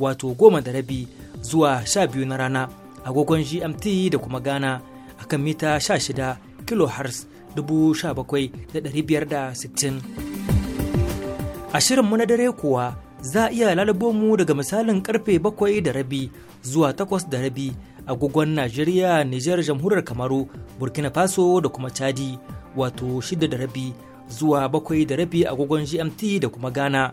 wato goma da rabi zuwa sha biyu na rana agogon gmt da kuma ghana a kan mita biyar kilohertz sittin. a shirinmu na dare kuwa za a iya lalabo mu daga misalin karfe bakwai da rabi zuwa takwas da rabi agogon najeriya nijar jamhuriyar kamaru burkina faso da kuma chadi wato shida da rabi zuwa bakwai da rabi agogon gmt da kuma ghana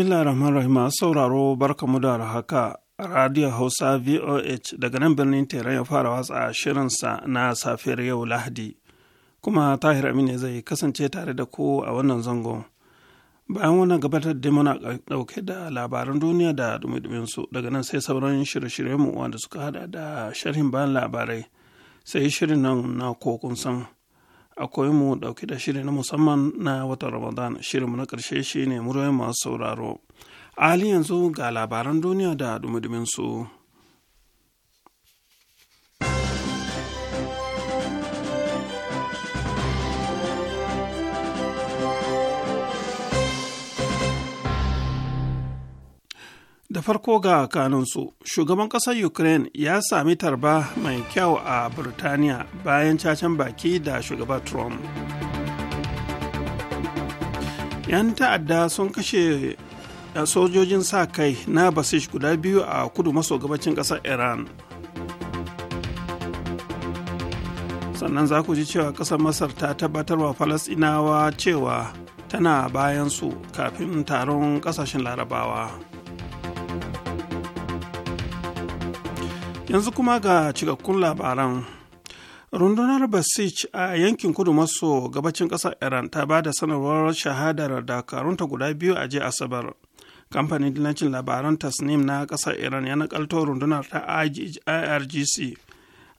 bismillah rahman rahim masu sauraro barkamu da haka radio hausa voh daga nan birnin teran ya fara watsa shirinsa na safiyar yau lahadi kuma tahir amine zai kasance tare da ku a wannan zango bayan wannan gabatar da muna dauke da labaran duniya da dumi daga nan sai sauran shirye-shiryenmu wanda suka hada da sharhin bayan labarai sai shirin nan na kokun san akwai mu dauke da shiri na musamman na watan Ramadan mu na ƙarshe shine muryoyin masu sauraro. ali yanzu ga labaran duniya da dumudumin su. Da farko ga kanunsu, shugaban ƙasar Ukraine ya sami tarba mai kyau a Burtaniya bayan cacen baki da shugaba Trump. ‘Yan ta'adda sun kashe eh, sojojin sa kai na Basish guda biyu a kudu maso gabacin ƙasar Iran. Sannan za ku ji cewa ƙasar Masar ta tabbatar wa Falasɗinawa cewa tana bayan su kafin taron ƙasashen Larabawa. yanzu kuma ga cikakkun labaran rundunar basich a yankin kudu maso gabacin ƙasar iran ta ba da sanarwar shahadar dakarunta guda biyu a jiya asabar kamfanin dillancin labaran tasnim na ƙasar iran ya nakalto rundunar ta irgc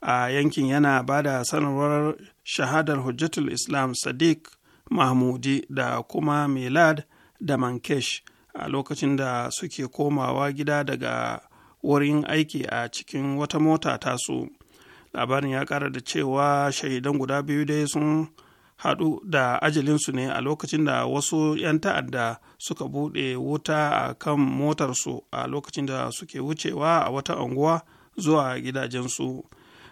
a yankin yana ba da sanarwar shahadar hujjatul islam sadiq mahmudi da kuma milad da mankesh a lokacin da suke komawa gida daga wurin aiki a cikin wata mota tasu labarin ya kara da cewa shahidan guda biyu dai sun haɗu da ajalinsu ne a lokacin da wasu 'yan ta'adda suka buɗe wuta a kan motarsu a lokacin da suke wucewa a wata unguwa zuwa gidajensu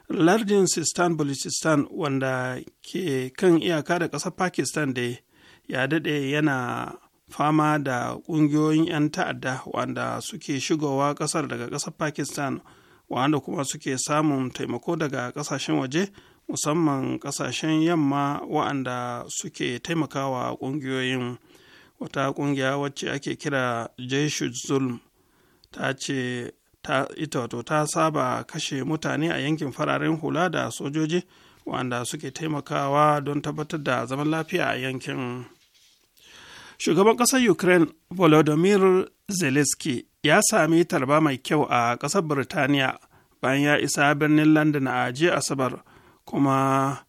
lardin sistan balochistan wanda ke kan iyaka da ƙasar pakistan da ya daɗe yana fama da ƙungiyoyin 'yan ta'adda wanda suke shigowa ƙasar daga ƙasar pakistan wanda kuma suke samun taimako daga ƙasashen waje musamman ƙasashen yamma wa'anda suke taimakawa ƙungiyoyin wata ƙungiya wacce ake kira jeshu zulm ta ce ita wato ta saba kashe mutane a yankin fararen hula da sojoji wanda suke taimakawa don tabbatar da zaman lafiya a yankin. Shugaban ƙasar Ukraine Volodymyr Zelensky ya sami tarba mai kyau a ƙasar Birtaniya bayan ya isa birnin London a jiya Asabar kuma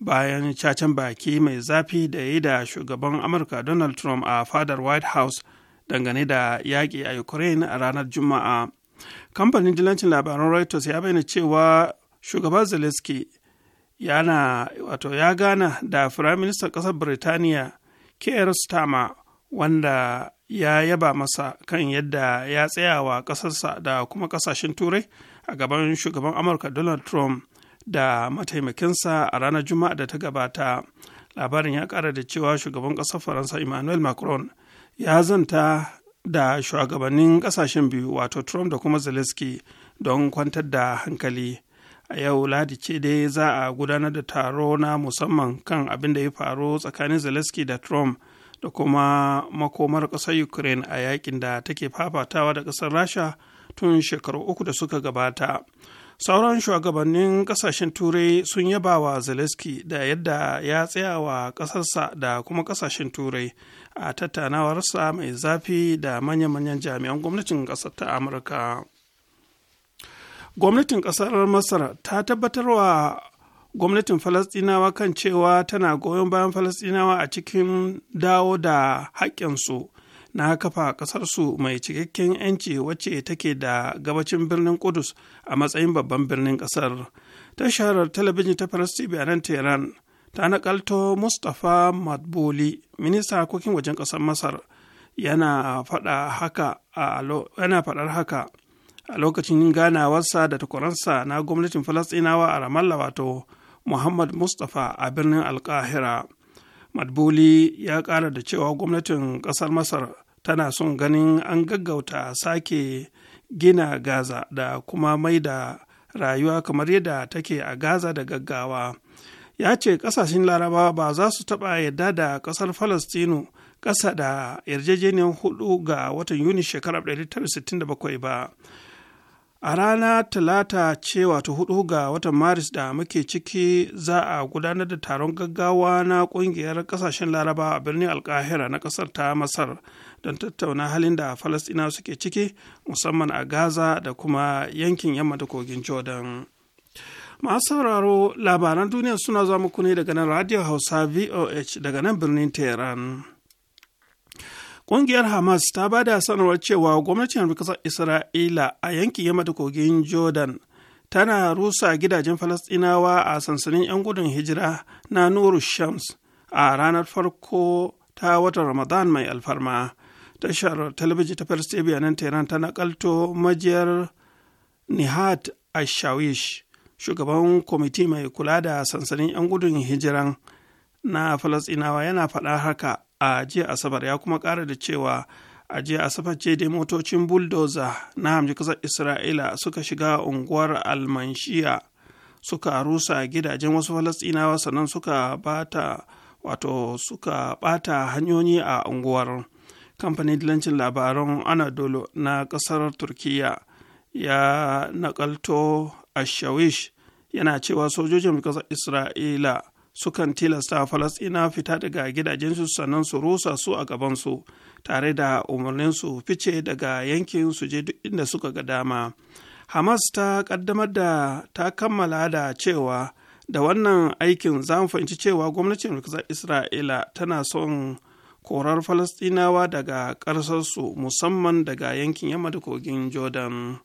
bayan cacen baki mai zafi da ya yi da shugaban Amurka Donald Trump a fadar White House dangane da yaƙi a Ukraine a ranar Juma'a. Kamfanin dilancin labaran Reuters ya bayyana cewa shugaban Zelensky yana wato ya gana da Firaministan ƙasar Birtaniya Kerstama wanda ya yaba masa kan yadda ya tsayawa kasarsa ƙasarsa da kuma ƙasashen turai a gaban shugaban amurka donald trump da mataimakinsa a ranar juma'a da ta gabata labarin ya ƙara da cewa shugaban ƙasar faransa emmanuel macron ya zanta da shugabannin ƙasashen biyu wato trump da kuma zelensky don kwantar da hankali a yau ladi ce dai za a gudanar da taro na musamman kan abin da ya faru tsakanin zelensky da trump da kuma makomar ƙasar ukraine a yakin da take fafatawa da ƙasar rasha tun shekaru uku da suka gabata sauran shugabannin ƙasashen turai sun yaba wa zelensky da yadda ya tsayawa wa ƙasarsa da kuma ƙasashen turai a tattaunawarsa mai zafi da manya-manyan jami'an gwamnatin ƙasar ta amurka gwamnatin kasar masar ta tabbatar wa gwamnatin falasɗinawa kan cewa tana goyon bayan falasdinawa a cikin dawo da haƙƙinsu na kafa ƙasarsu mai cikakken 'yanci wacce take da gabacin birnin kudus a matsayin babban birnin ƙasar tasharar talabijin ta faras tv a nan tehran ta nakalto mustapha madboli minista harkokin wajen ƙasar masar yana faɗar haka a lokacin ganawarsa da takwaransa na gwamnatin falasɗinawa a ramallah wato muhammad mustapha a birnin alkahira madbuli ya ƙara da cewa gwamnatin ƙasar masar tana son ganin an gaggauta sake gina gaza da kuma mai da rayuwa kamar yadda take a gaza da gaggawa ya ce ƙasashen larabawa ba za su taɓa yadda da ƙasar falastinu ƙasa da yarjejeniyar hudu ga watan yuni shekarar 1967 ba a rana talata ce wato hudu ga watan maris da muke ciki za a gudanar da taron gaggawa na kungiyar kasashen laraba a birnin alkahira na kasar ta masar don tattauna halin da falastina suke ciki musamman a gaza da kuma yankin yamma da kogin jordan masu sauraro labaran duniya suna zuwa muku ne daga nan radio hausa voh daga nan birnin tehran Ƙungiyar Hamas ta ba da sanarwar cewa gwamnatin ƙasar Isra'ila a yankin yamma da kogin Jordan tana rusa gidajen Falasɗinawa a sansanin 'yan gudun hijira na Nuru Shams a ranar farko ta watan Ramadan mai alfarma. Tashar talabijin ta Falastibiya nan Tehran ta nakalto majiyar Nihat Ashawish, shugaban kwamiti mai kula da sansanin 'yan gudun hijiran na Falasɗinawa yana faɗa haka a jiya asabar ya kuma ƙara da cewa a jiya asabar ce dai motocin bulldozer na hamji ƙasar isra'ila suka shiga unguwar almanshiya suka rusa gidajen wasu falastinawa sannan suka bata wato suka bata hanyoyi a unguwar kamfanin dilancin labaran anadolu na ƙasar turkiya ya nakalto ashawish yana cewa sojojin ƙasar isra'ila sukan tilasta falasɗina fita daga gidajensu sannan su rusa su a gabansu tare da umarnin su fice daga yankin su je duk inda suka ga dama hamas ta kaddamar da ta kammala da cewa da wannan aikin za mu fahimci cewa gwamnatin rikizar isra'ila tana son korar falasɗinawa daga ƙarsarsu musamman daga yankin yamma da kogin jordan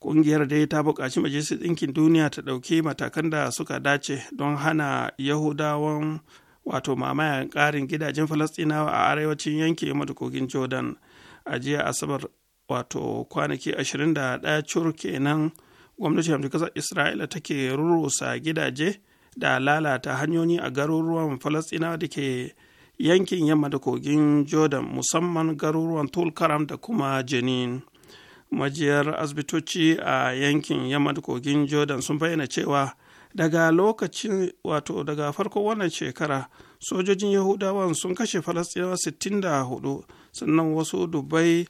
Ƙungiyar dai ta buƙaci Majalisar Ɗinkin Duniya ta ɗauki matakan da suka dace don hana Yahudawan wato mamayan ƙarin gidajen falastinawa a arewacin yanke kogin Jordan a jiya Asabar wato kwanaki 21 cur kenan gwamnatin ƙasar Isra'ila take rurusa gidaje da lalata hanyoyi a garuruwan falastinawa da ke yankin yamma da kogin Jordan musamman garuruwan Tulkaram da kuma Jenin. majiyar asibitoci a yankin yamma kogin jordan sun bayyana cewa daga lokacin wato daga farko wannan shekara sojojin yahudawan sun kashe falastinawa 64 sannan wasu dubai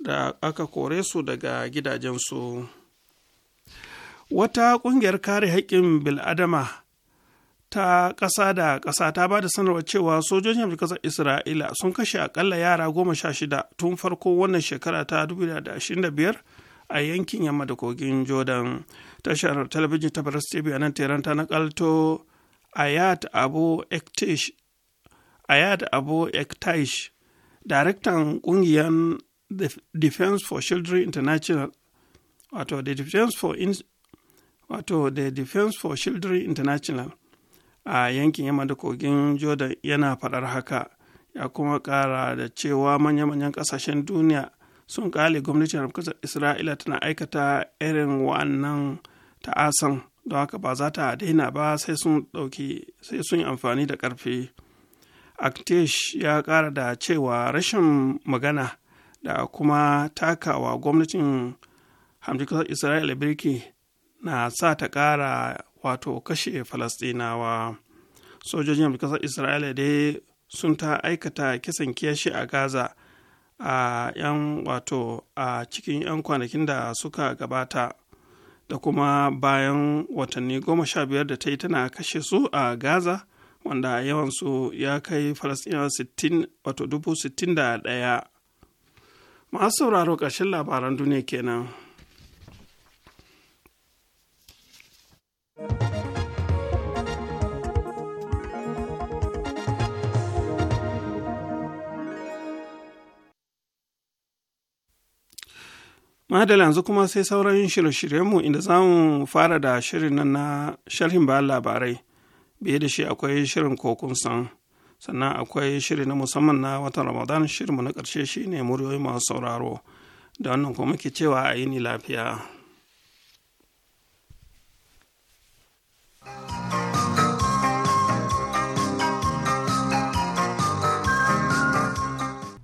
da aka kore su daga gidajensu wata ƙungiyar kare haƙƙin bil'adama ta ƙasa da ƙasa ta ba da sanarwar cewa sojojin ƙasar isra'ila sun kashe akalla yara goma sha shida tun farko wannan shekara ta 2025 a yankin yamma da kogin jordan tashar talabijin ta faransa tv a nan teran ta nakalto ayat abu ektish ayat daraktan kungiyar defense for children international the defense for wato the defense for children international a yankin yamma da kogin jordan yana faɗar haka ya kuma ƙara da cewa manya-manyan ƙasashen duniya sun ƙale gwamnatin ƙasar isra'ila tana aikata irin wa'annan ta'asan don haka ba za ta daina ba sai sun ɗauki sai sun yi amfani da ƙarfi aktesh ya ƙara da cewa rashin magana da kuma takawa gwamnatin Kasar isra'ila birki na sa ta ƙara wato kashe falasɗinawa sojojin ƙasar isra'ila dai sun ta aikata kisan kiyashi a gaza a yan wato a cikin 'yan kwanakin da suka gabata da kuma bayan watanni goma sha biyar da ta yi tana kashe su a gaza wanda yawansu ya kai falasɗinawa wato dubu sittin da ɗaya masu sauraro ƙarshen labaran duniya kenan. Madala yanzu kuma sai sauran shirye-shiryenmu inda za mu fara da shirin nan na sharhin bayan labarai. Biye da shi akwai shirin kokun san, sannan akwai shirin na musamman na watan Ramadan shirin mu na ƙarshe shi ne muryoyi masu sauraro. Da wannan kuma muke cewa a yi ni lafiya.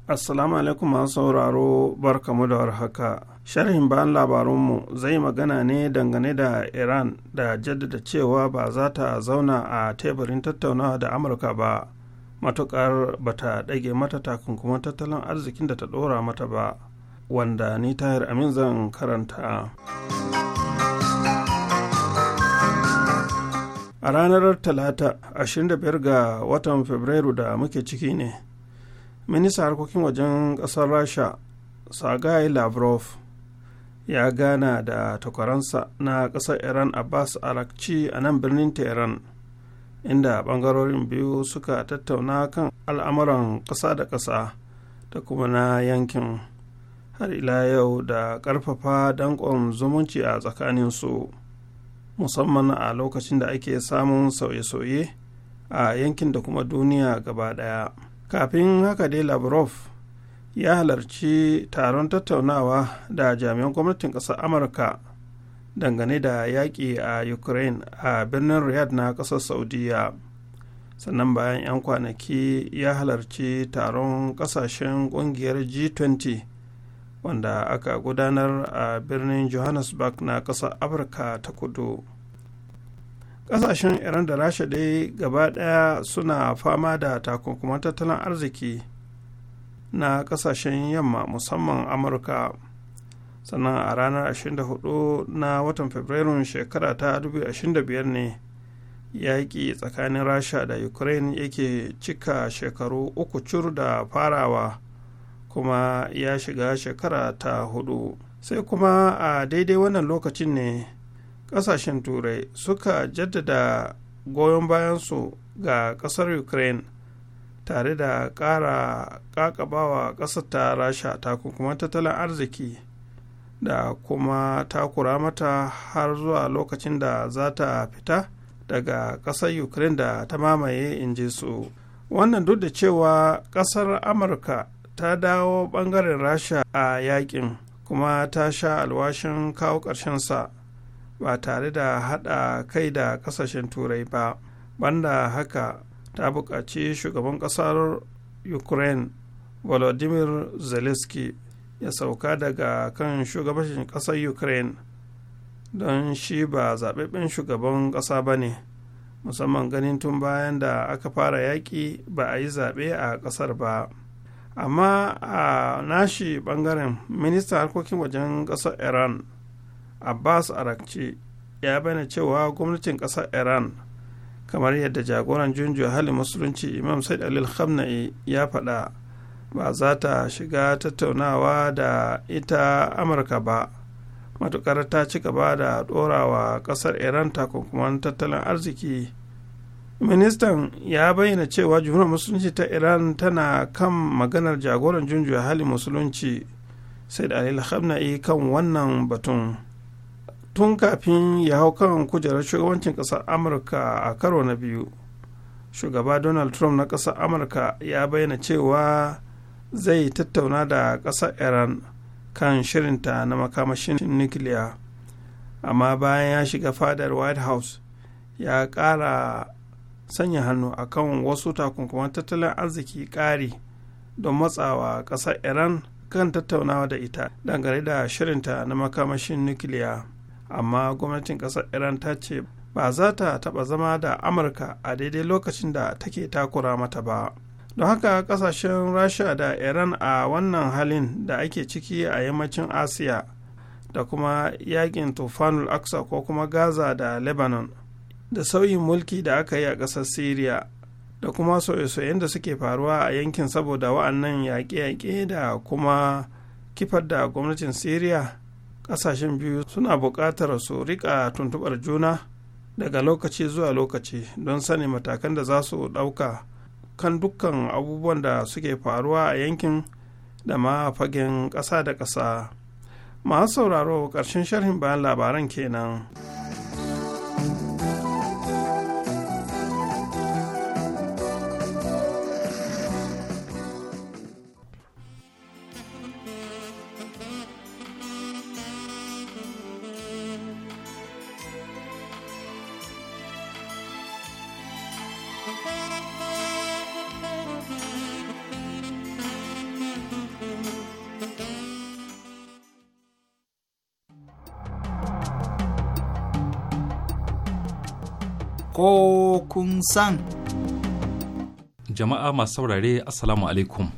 Assalamu alaikum masu sauraro barkamu da warhaka. Sharhin bayan labarunmu zai magana ne dangane da Iran da jaddada cewa ba za ta zauna a teburin tattaunawa da Amurka ba, matukar ba ta ɗage mata takunkuman tattalin arzikin da ta ɗora mata ba, wanda ni tahir amin zan karanta. A ranar Talata 25 ga watan Fabrairu da muke ciki ne. minista harkokin wajen kasar rasha sagai lavrov ya gana da takwaransa na kasar iran abbas arakci a nan birnin tehran inda bangarorin biyu suka tattauna kan al'amuran kasa da kasa da kuma na yankin har ila yau da karfafa danƙon zumunci a tsakaninsu musamman a lokacin da ake samun sauye-sauye a yankin da kuma duniya gaba ɗaya. kafin haka dai lavrov ya halarci taron tattaunawa da jami'an gwamnatin ƙasar amurka dangane da yaƙi a ukraine a birnin riyadh na ƙasar saudiya sannan bayan 'yan kwanaki ya halarci taron ƙasashen ƙungiyar g20 wanda aka gudanar a birnin johannesburg na ƙasar afirka ta kudu kasashen iran da rasha dai gaba daya suna fama da takunkuman tattalin arziki na kasashen yamma musamman amurka sannan a ranar 24 na watan fabrairun shekara ta 2025 ne yaƙi tsakanin rasha da ukraine yake cika shekaru uku cur da farawa kuma ya shiga shekara ta hudu sai kuma a daidai wannan lokacin ne ƙasashen turai suka jaddada goyon bayansu ga ƙasar ukraine tare da ƙara ƙaƙabawa ƙasar ta rasha takunkuman tattalin arziki da kuma takura mata har zuwa lokacin da za ta fita daga ƙasar ukraine da ta mamaye in ji su wannan duk da cewa ƙasar amurka ta dawo ɓangaren rasha a yakin kuma ta sha alwashin kawo sa. ba tare da haɗa kai da ƙasashen turai ba banda haka ta buƙaci shugaban ƙasar ukraine volodymyr zelensky ya sauka daga kan shugabashin ƙasar ukraine don shi ba zaɓaɓɓen shugaban ƙasa ba ne musamman ganin tun bayan da aka fara yaƙi ba a yi zaɓe a ƙasar ba amma a nashi ɓangaren ministan harkokin wajen ƙasar iran abbas arakci ya bayyana cewa gwamnatin ƙasar iran kamar yadda jagoran junju halin musulunci imam said alil khamna'i ya faɗa ba za ta shiga tattaunawa da ita amurka ba matukar ta ci gaba da ɗorawa ƙasar iran takunkuman tattalin arziki ministan ya bayyana cewa jumhuriyar musulunci ta iran tana kan maganar jagoran junju halin musulunci said alil khamna'i kan wannan batun. tun kafin ya hau kan kujerar shugabancin ƙasar amurka a karo na biyu shugaba donald trump na ƙasar amurka ya bayyana cewa zai tattauna da ƙasar iran kan shirinta na makamashin nukiliya amma bayan ya shiga fadar white house ya ƙara sanya hannu a kan wasu takunkuman tattalin arziki ƙari don matsawa ƙasar iran kan tattaunawa da ita dangane da shirinta na makamashin nukiliya amma gwamnatin kasar iran ta ce ba za ta taba zama da amurka a daidai lokacin da take takura mata ba don haka kasashen rasha da iran a wannan halin da ake ciki a yammacin asiya da kuma yakin tufanul aksa ko kuma gaza da lebanon da sauyin mulki da aka yi a kasar syria da kuma soye-soyen da suke faruwa a yankin saboda wa'annan yaƙe-yaƙe da kuma kifar da gwamnatin syria kasashen biyu suna buƙatar su riƙa tuntuɓar juna daga lokaci zuwa lokaci don sani matakan da za su ɗauka kan dukkan abubuwan da suke faruwa a yankin da ma fagen ƙasa da ƙasa masu sauraro ƙarshen sharhin bayan labaran kenan. ko kun san. Jama'a masu saurare Assalamu alaikum.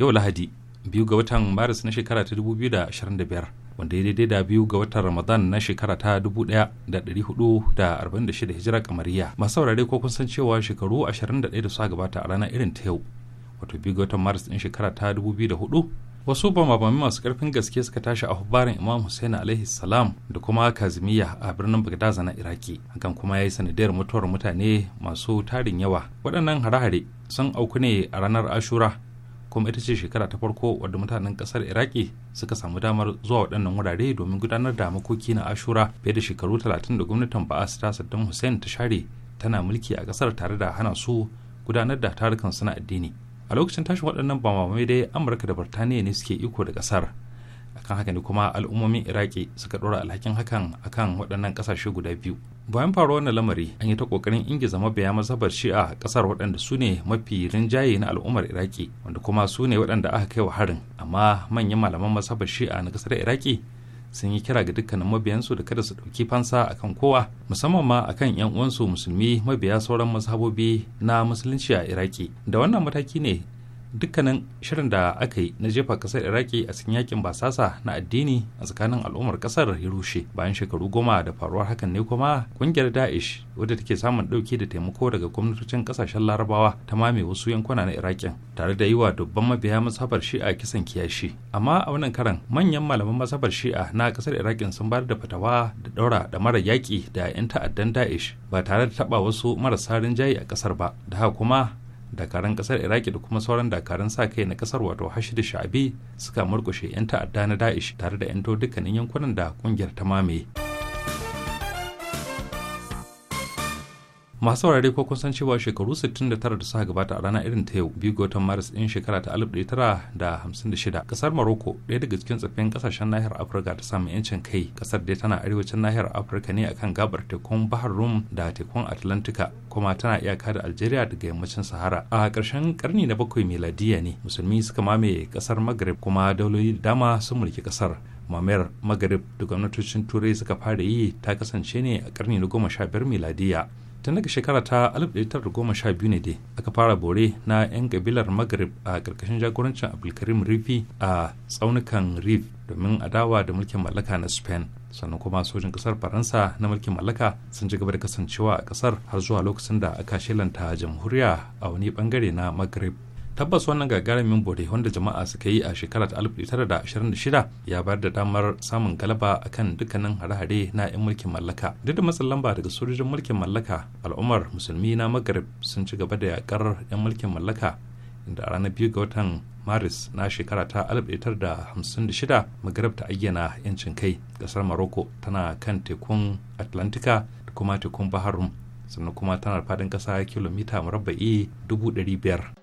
Yau Lahadi, biyu ga watan Maris na shekara ta 2025, wanda ya daidai da biyu ga watan Ramadan na shekara ta 1446 hijira kamariya. Masu saurare ko kun san cewa shekaru 21 da suka gabata a rana irin ta yau, wato biyu ga watan Maris ɗin shekara ta 2004 wasu bamabami masu karfin gaske suka tashi a hubbarin imam hussein alaihi salam da kuma kazimiya a birnin bagdaza na iraki hakan kuma ya yi sanadiyar mutuwar mutane masu tarin yawa waɗannan hare-hare sun auku ne a ranar ashura kuma ita ce shekara ta farko wadda mutanen kasar iraki suka samu damar zuwa waɗannan wurare domin gudanar da makoki na ashura fiye da shekaru talatin da gwamnatin ba'as ta saddam hussein ta share tana mulki a ƙasar tare da hana su gudanar da tarukan suna addini a lokacin tashin waɗannan bamamai dai amurka da birtaniya ne suke iko da ƙasar akan haka ne kuma al'ummomin iraki suka ɗora alhakin hakan akan waɗannan ƙasashe guda biyu bayan faruwar wannan lamari an yi ta ƙoƙarin ingiza mabiya mazhabar shi'a ƙasar waɗanda su ne mafi rinjaye na al'ummar iraki wanda kuma su ne waɗanda aka kai wa harin amma manyan malaman mazhabar shi'a na ƙasar iraki sun yi kira ga dukkanin mabiyansu da kada su ɗauki fansa akan kowa musamman ma akan yan uwansu musulmi mabiya sauran mazhabobi na musulunci a iraki da wannan mataki ne dukkanin shirin da aka yi na jefa kasar iraki a cikin yakin basasa na addini a tsakanin al'ummar kasar ya rushe bayan shekaru goma da faruwar hakan ne kuma kungiyar Da'ish wadda take samun dauki da taimako daga gwamnatocin kasashen larabawa ta mame wasu yankuna na irakin tare da yi wa dubban mabiya masafar shi'a kisan kiyashi amma a wannan karan manyan malaman masafar shi'a na kasar irakin sun bayar da fatawa da daura da mara yaki da 'yan ta'addan Da'ish ba tare da taba wasu marasa rinjaye a kasar ba da haka kuma dakaran kasar iraki da kuma sauran dakaran sa kai na kasar wato hashidu sha'abi suka murkushe 'yan ta'adda na da'ish tare da 'yanto dukkanin yankunan da kungiyar ta mamaye. masu saurare ko kun san cewa shekaru 69 da suka gabata a ranar irin ta yau biyu ga watan maris din shekara ta 1956 kasar maroko ɗaya daga cikin tsaffin kasashen nahiyar afirka ta samun yancin kai kasar dai tana arewacin nahiyar afirka ne akan gabar tekun bahar rum da tekun atlantika kuma tana iyaka da algeria daga yammacin sahara a karshen karni na bakwai miladiya ne musulmi suka mamaye kasar maghrib kuma dauloli da dama sun mulki kasar mamayar maghrib da gwamnatocin turai suka fara yi ta kasance ne a karni na goma sha biyar miladiya tun daga shekara ta 1912 ne dai aka fara bore na 'yan kabilar maghrib a ƙarƙashin jagorancin abdulkarim rifi a tsaunukan rif domin adawa da mulkin mallaka na spain sannan kuma sojin ƙasar faransa na mulkin mallaka sun ci gaba da kasancewa a ƙasar har zuwa lokacin da aka shelanta jamhuriya a wani bangare na maghrib tabbas wannan gagarumin bore wanda jama'a suka yi a shekarar 1926 ya bayar da damar samun galaba a akan dukkanin hare-hare na 'yan mulkin mallaka duk da matsin lamba daga sojojin mulkin mallaka al'ummar musulmi na maghrib sun ci gaba da yakar 'yan mulkin mallaka inda a ranar biyu ga watan maris na shekara ta 1956 maghrib ta ayyana yancin kai kasar maroko tana kan tekun atlantika da kuma tekun baharum sannan kuma tana faɗin ƙasa kilomita murabba'i biyar.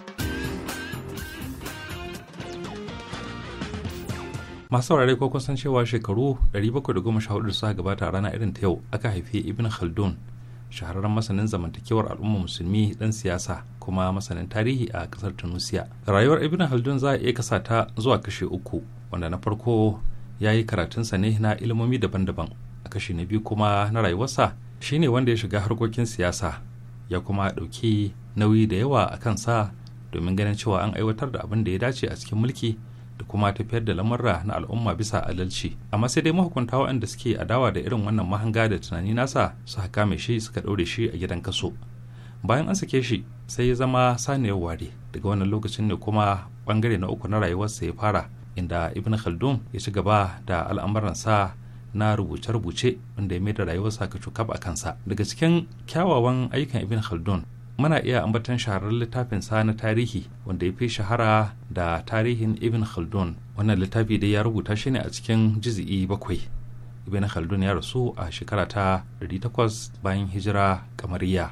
masu saurare ko kun san cewa shekaru 714 suka gabata a rana irin ta yau aka haifi ibn khaldun shahararren masanin zamantakewar al'umma musulmi dan siyasa kuma masanin tarihi a kasar tunisia rayuwar ibn khaldun za a iya kasa ta zuwa kashe uku wanda na farko ya yi karatunsa ne na ilimomi daban-daban a kashe na biyu kuma na rayuwarsa shine wanda ya shiga harkokin siyasa ya kuma ɗauki nauyi da yawa a kansa domin ganin cewa an aiwatar da abin da ya dace a cikin mulki da kuma tafiyar da lamarra na al'umma bisa adalci amma sai dai mahukunta waɗanda suke adawa da irin wannan mahanga da tunani nasa su haka mai shi suka ɗaure shi a gidan kaso bayan an sake shi sai ya zama saniyar ware daga wannan lokacin ne kuma bangare na uku na rayuwarsa ya fara inda ibn khaldun ya ci gaba da al'amuransa na rubuce-rubuce wanda ya mai da rayuwarsa ka cukab a kansa daga cikin kyawawan ayyukan ibn khaldun muna iya ambatan shaharar littafin sa na tarihi wanda ya fi shahara da tarihin ibn khaldun wannan littafi dai ya rubuta shi ne a cikin jizi'i bakwai ibn khaldun ya rasu a shekara ta 800 bayan hijira kamariya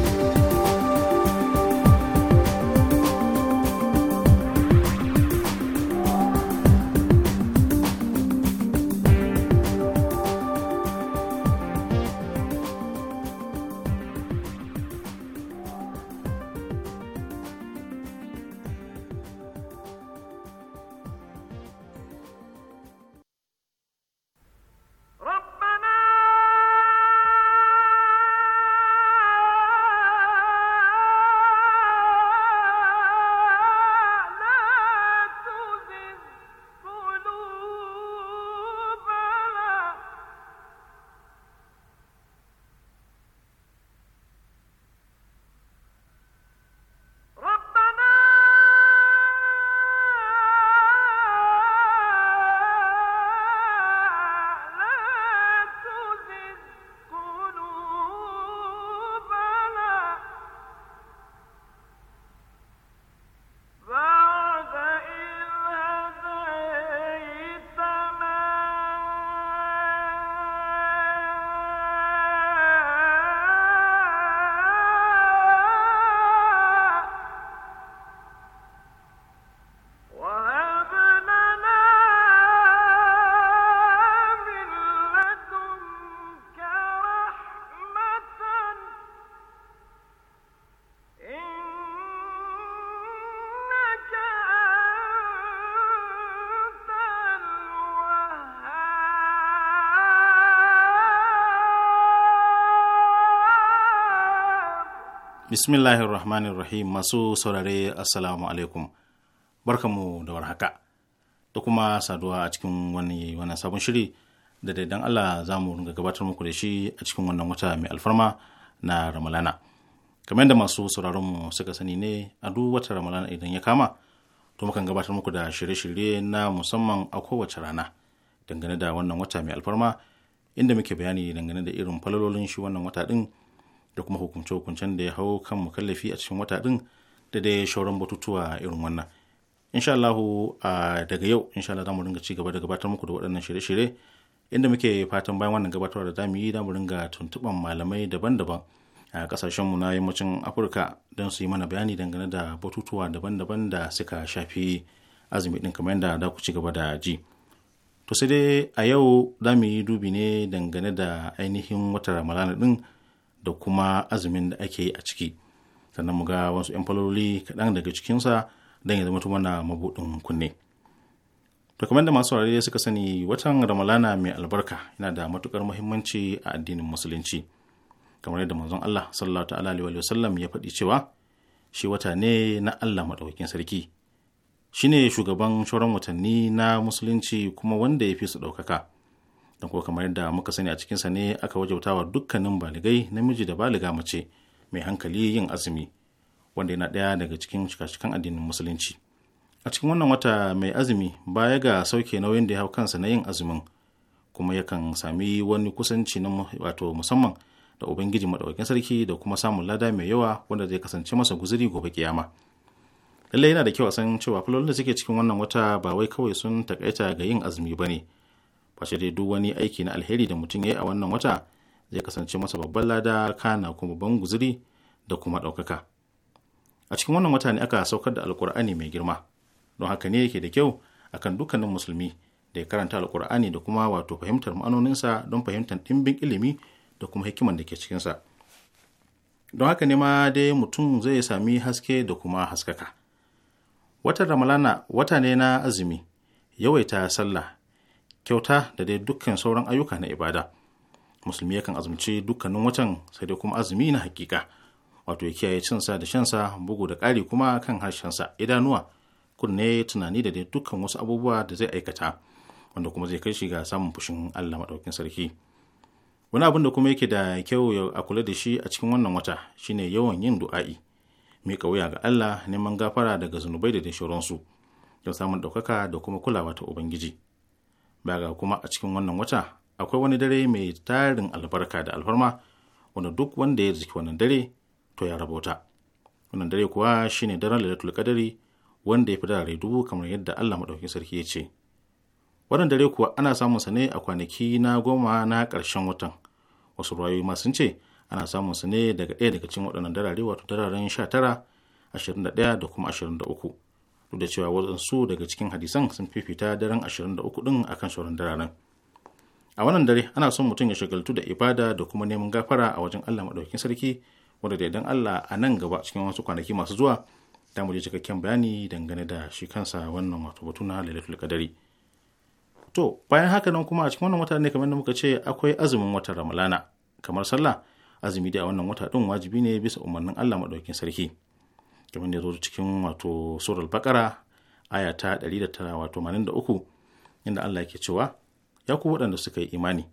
Bismillahir Rahmanir Rahim masu saurare Assalamu alaikum. Barkamu da warhaka. Da kuma saduwa a cikin wani wannan sabon shiri da daidan Allah za mu ringa gabatar muku da shi a cikin wannan wata mai alfarma na Ramalana. Kamar da masu sauraron mu suka sani ne a duk wata Ramalana idan ya kama to mukan gabatar muku da shirye-shirye na musamman a kowace rana dangane da wannan wata mai alfarma inda muke bayani dangane da irin falalolin shi wannan wata din da kuma hukunce-hukuncen da ya hau kan mukallafi a cikin wata ɗin da dai shauran batutuwa irin wannan insha Allah daga yau insha Allah mu ringa ci gaba da gabatar muku da waɗannan shirye-shirye inda muke fatan bayan wannan gabatarwa da zamu yi mu ringa tuntuɓan malamai daban-daban a kasashen mu na yammacin Afirka don su yi mana bayani dangane da batutuwa daban-daban da suka shafi azumi ɗin kamar yadda za ku ci gaba da ji. To sai dai a yau za mu yi dubi ne dangane da ainihin watan Ramadana ɗin da kuma azumin da ake yi a ciki sannan mu ga wasu 'yan faloli kaɗan daga cikinsa don ya zama mana mabuɗin kunne to kamar da masu saurare suka sani watan ramalana mai albarka yana da matukar muhimmanci a addinin musulunci kamar yadda manzon Allah sallallahu ta'ala alaihi wa sallam ya faɗi cewa shi wata ne na Allah maɗaukakin sarki shine shugaban shauran watanni na musulunci kuma wanda ya fi su ɗaukaka don ko kamar yadda muka sani a cikinsa ne aka wajautawa dukkanin baligai namiji da baliga mace mai hankali yin azumi wanda yana daya daga cikin cikakken addinin musulunci a cikin wannan wata mai azumi baya ga sauke nauyin da ya hau kansa na yin azumin kuma yakan sami wani kusanci na wato musamman da ubangiji maɗaukakin sarki da kuma samun lada mai yawa wanda zai kasance masa guzuri gobe kiyama lallai yana da kyau a san cewa fulolin da suke cikin wannan wata ba wai kawai sun takaita ga yin azumi ba ne Fashe dai duk wani aiki na alheri da mutum ya yi a wannan wata zai kasance masa babban lada kana kuma babban guzuri da kuma ɗaukaka a cikin wannan wata ne aka saukar da alkur'ani mai girma don haka ne yake da kyau a kan dukkanin musulmi da ya karanta alkur'ani da kuma wato fahimtar ma'anoninsa don fahimtar ɗimbin ilimi da kuma hikiman da ke cikinsa don haka ne ma dai mutum zai sami haske da kuma haskaka watan ramalana wata ne na azumi yawaita sallah kyauta da dai dukkan sauran ayyuka na ibada musulmi yakan azumci dukkanin watan sai dai kuma azumi na hakika wato ya kiyaye cinsa da shansa bugu da ƙari kuma kan harshensa idanuwa kunne tunani da dai dukkan wasu abubuwa da zai aikata wanda kuma zai kai shi ga samun fushin Allah maɗaukin sarki wani abin da kuma yake da kyau a kula da shi a cikin wannan wata shine yawan yin du'a'i miƙa wuya ga Allah neman gafara daga zunubai da dai don samun ɗaukaka da kuma kulawa ta Ubangiji. baga kuma a cikin wannan wata akwai wani dare mai tarin albarka da alfarma wanda duk wanda ya jiki wannan dare to ya rabota wannan dare kuwa shine daren lailatul kadari wanda ya fi dare dubu kamar yadda Allah madaukakin sarki ya ce wannan dare kuwa ana samun sa ne a kwanaki na goma na ƙarshen watan wasu rayuwa ma sun ce ana samun sa ne daga ɗaya daga cikin waɗannan darare wato dararen tara, 21 da kuma da uku. duk da cewa waɗansu daga cikin hadisan sun fifita daren 23 din akan sauran dararen a wannan dare ana son mutum ya shagaltu da ibada da kuma neman gafara a wajen Allah madaukakin sarki wanda da idan Allah a nan gaba cikin wasu kwanaki masu zuwa da mu cikakken bayani dangane da shi kansa wannan wato batu na lailatul qadari to bayan haka nan kuma a cikin wannan wata ne kamar da muka ce akwai azumin watan ramalana kamar sallah azumi da wannan wata din wajibi ne bisa umarnin Allah maɗaukin sarki kamar da ya zo cikin wato surar bakara aya ta uku, inda Allah yake cewa ya ku waɗanda suka yi imani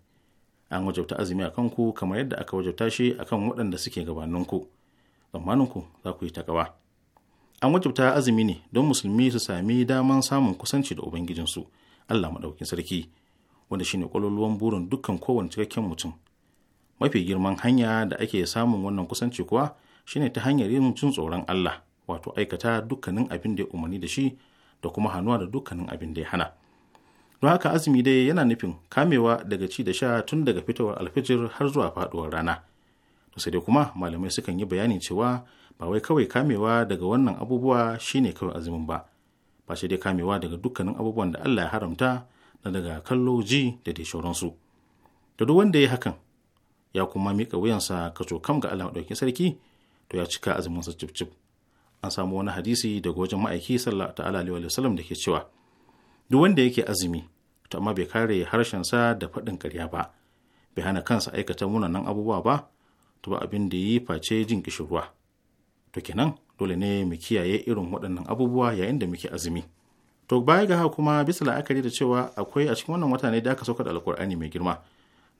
an wajabta azumi a kanku kamar yadda aka wajabta shi a kan waɗanda suke gabaninku tsammaninku za ku yi ta ƙawa?' an wajabta azumi ne don musulmi su sami daman samun kusanci da ubangijinsu Allah maɗaukin sarki wanda shine ƙwaloluwan burin dukkan kowane cikakken mutum mafi girman hanya da ake samun wannan kusanci kuwa shine ta hanyar yin cin tsoron Allah wato aikata dukkanin abin da ya umarni da shi da kuma hannuwa da dukkanin abin da ya hana don haka azumi dai yana nufin kamewa daga ci da sha tun daga fitowar alfijir har zuwa faduwar rana to sai dai kuma malamai sukan yi bayani cewa ba wai kawai kamewa daga wannan abubuwa shine kawai azumin ba ba sai dai kamewa daga dukkanin abubuwan da Allah ya haramta na daga kallo ji da dai sauransu da duk wanda ya hakan ya kuma miƙa wuyansa kaco kam ga Allah ɗaukin sarki to ya cika azumin sa cip an samu wani hadisi daga wajen ma'aiki sallallahu ta'ala alaihi wasallam da ke cewa duk wanda yake azumi to amma bai kare harshen sa da faɗin ƙarya ba bai hana kansa aikata munanan abubuwa ba to ba abin da yi face jin kishirwa to kenan dole ne mu kiyaye irin waɗannan abubuwa yayin da muke azumi to baya ga haka kuma bisa la'akari da cewa akwai a cikin wannan wata da aka saukar da mai girma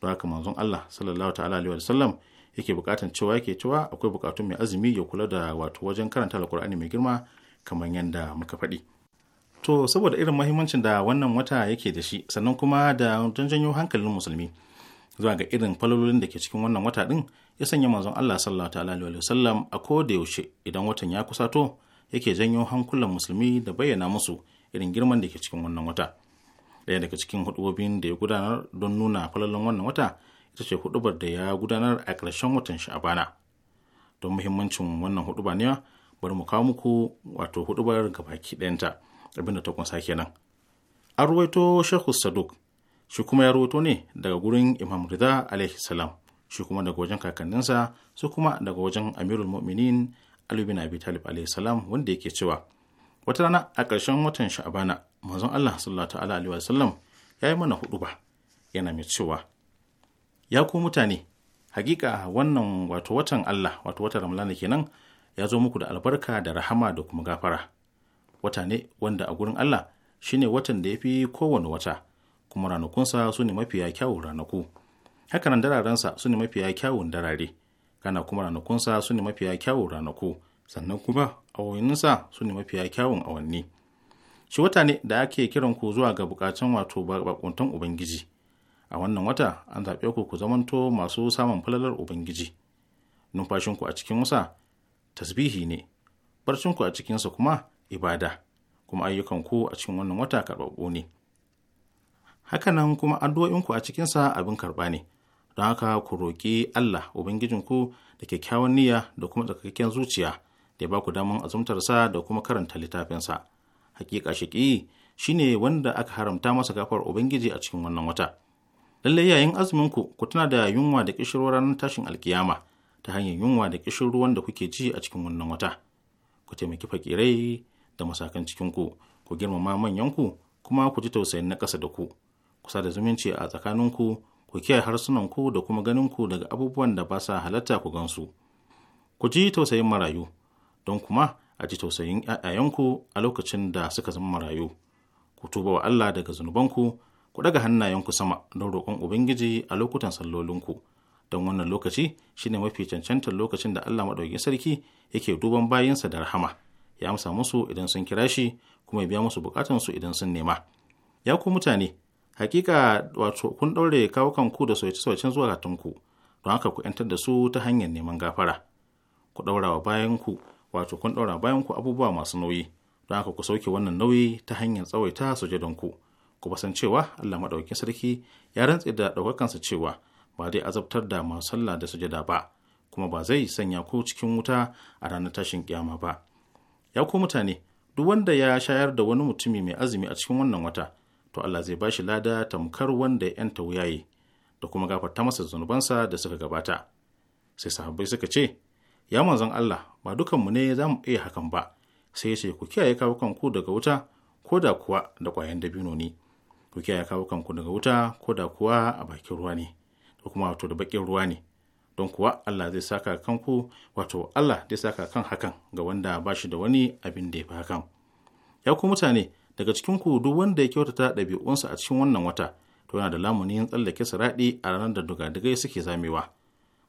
don haka manzon Allah sallallahu ta'ala alaihi wa sallam yake bukatan cewa yake cewa akwai bukatun mai azumi ya kula da wato wajen karanta alkur'ani mai girma kamar yadda muka faɗi to saboda irin mahimmancin da wannan wata yake da shi sannan kuma da don janyo hankalin musulmi zuwa ga irin falalolin da ke cikin wannan wata din ya sanya manzon Allah sallallahu ta'ala alaihi sallam a ko da yaushe idan watan ya kusa to yake janyo hankulan musulmi da bayyana musu irin girman da ke cikin wannan wata ɗaya daga cikin hudubobin da ya gudanar don nuna falalon wannan wata ita ce hudubar da ya gudanar a ƙarshen watan sha'abana don muhimmancin wannan huduba ne bari mu kawo muku wato hudubar gabaki ɗayanta abinda ta kunsa kenan an ruwaito shehu saduk shi kuma ya ruwaito ne daga gurin imam rida alaihi salam shi kuma daga wajen kakanninsa su kuma daga wajen amirul mu'minin ali bin abi talib alaihi salam wanda yake cewa wata rana a ƙarshen watan sha'abana manzon allah sallallahu alaihi alaihi wasallam ya yi mana huduba yana mai cewa ya ku mutane hakika wannan wato watan Allah wato watan Ramadana kenan ya zo muku da albarka da rahama da kuma gafara wata ne wanda a gurin Allah shine watan da ya fi kowane wata kuma ranakunsa su ne mafiya kyawun ranaku hakanan dararensa su ne mafiya kyawun darare kana kuma ranakunsa su ne mafiya kyawun ranaku sannan kuma awanninsa su ne mafiya kyawun awanni shi wata ne da ake kiran ku zuwa ga bukatun wato bakuntan ubangiji a wannan wata an zaɓe ku ku zamanto masu samun falalar ubangiji numfashinku a cikin wasa tasbihi ne barcinku a cikinsa kuma ibada kuma ayyukanku a cikin wannan wata karɓaɓɓu ne hakanan kuma addu'o'inku a cikinsa abin karɓa ne don haka ku roƙi allah ubangijinku da kyakkyawan niyya da kuma tsakakken zuciya da ya ba ku damar sa da kuma karanta littafinsa hakika shi shine wanda aka haramta masa gafar ubangiji a cikin wannan wata lallai yayin azuminku ku tana da yunwa da ƙishirwa ranar tashin alkiyama ta hanyar yunwa da ƙishin da kuke ji a cikin wannan wata ku taimaki fakirai da masakan cikinku ku girmama manyanku kuma ku ji tausayin na ƙasa da ku kusa da zumunci a tsakaninku ku kiyaye harsunanku da kuma ganinku daga abubuwan da ba sa halatta ku gansu ku ji tausayin marayu don kuma a ji tausayin 'ya'yayanku a lokacin da suka zama marayu ku tuba wa Allah daga zunubanku ku daga hannayenku sama don roƙon Ubangiji a lokutan sallolinku. Don wannan lokaci shine mafi cancantar lokacin da Allah maɗauki sarki yake duban bayansa da rahama, ya amsa musu idan sun kira shi kuma ya biya musu su idan sun nema. Ya ku mutane, hakika wato kun ɗaure kawukan ku da soyace zuwa zuwaratunku, don haka ku 'yantar da su ta hanyar neman gafara. Ku ɗaura wa bayanku, wato kun ɗaura bayanku abubuwa masu nauyi, don haka ku sauke wannan nauyi ta hanyar tsawaita sujadanku. ku. kuma san cewa Allah maɗaukin sarki ya rantse da ɗaukakansa cewa ba zai azabtar da masu sallah da sujada ba kuma ba zai sanya ku cikin wuta a ranar tashin kiyama ba ya ku mutane duk wanda ya shayar da wani mutumi mai azumi a cikin wannan wata to Allah zai bashi lada tamkar wanda ya yanta wuyaye da kuma gafarta masa zunubansa da suka gabata sai sahabbai suka ce ya manzon Allah ba dukan mu ne za mu iya hakan ba sai ya ce ku kiyaye kawukan ku daga wuta ko da kuwa da ƙwayan dabino ne ku ya kawo kanku daga wuta ko da kuwa a bakin ruwa ne ko kuma wato da bakin ruwa ne don kuwa Allah zai saka kanku wato Allah zai saka kan hakan ga wanda ba shi da wani abin da ya fi hakan ya ku mutane daga cikin ku duk wanda ya kyautata ɗabi'unsa a cikin wannan wata to yana da lamunin tsallake siraɗi a ranar da dugadugai suke zamewa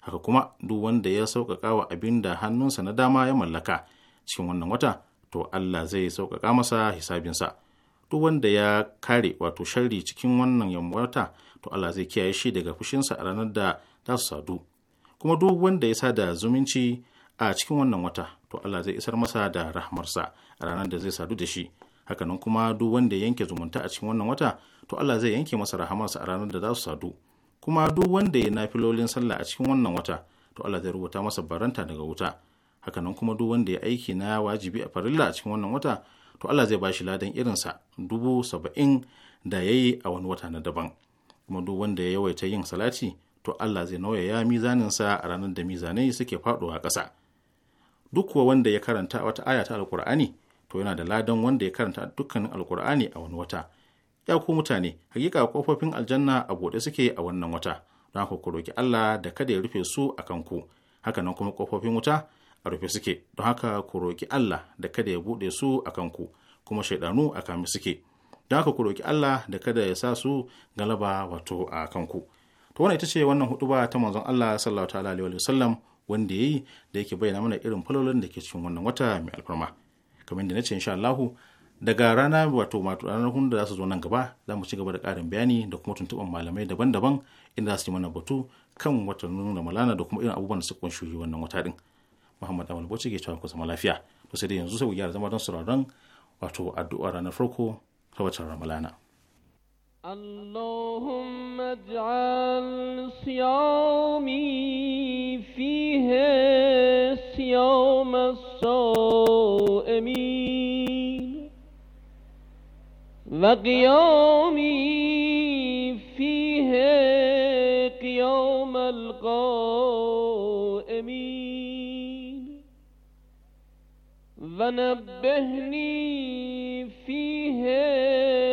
haka kuma duk wanda ya sauƙaƙa wa abin da hannunsa na dama ya mallaka cikin wannan wata to Allah zai sauƙaƙa masa hisabinsa duk wanda ya kare wato sharri cikin wannan yamwata to Allah zai kiyaye shi daga fushinsa a ranar da za su sadu kuma duk wanda ya sada zumunci a cikin wannan wata to Allah zai isar masa da rahmarsa a ranar da zai sadu da shi hakanan kuma duk wanda ya yanke zumunta a cikin wannan wata to Allah zai yanke masa rahmarsa a ranar da za su sadu kuma duk wanda ya nafilolin sallah a cikin wannan wata to Allah zai rubuta masa baranta daga wuta hakanan kuma duk wanda ya aiki na wajibi a farilla a cikin wannan wata to Allah zai bashi ladan irinsa dubu saba'in da ya yi a wani wata na daban kuma duk wanda ya yawaita yin salati to Allah zai nauya ya mizaninsa a ranar da mizanai suke faɗowa ƙasa duk kuwa wanda ya karanta wata aya ta alkur'ani to yana da ladan wanda ya karanta dukkanin alkur'ani a wani wata ya ku mutane hakika kofofin aljanna a buɗe suke a wannan wata don haka ku roki Allah da kada ya rufe su a ku hakanan kuma kofofin wuta a rufe suke don haka ku roƙi Allah da kada ya buɗe su a kanku kuma shaidanu a kame suke don haka ku roki Allah da kada ya sa su galaba wato a kanku to wannan ita ce wannan huduba ta manzon Allah sallallahu ta'ala alaihi wa sallam wanda yayi da yake bayyana mana irin falolin da ke cikin wannan wata mai alfarma kamar da nace insha Allah daga rana wato mato ranar hunda za su zo nan gaba za mu ci gaba da ƙarin bayani da kuma tuntuɓar malamai daban-daban inda za su yi mana batu kan watannin da malana da kuma irin abubuwan da suka kunshi wannan wata din muhammad awal bocci ke cewa ku zama lafiya to sai dai yanzu sai ku gyara zama don sauraron wato addu'a ranar farko ta watan ramalana اللهم اجعل صيامي فيه صيام الصائمين وقيامي فيه قيام القائمين ونبهني فيه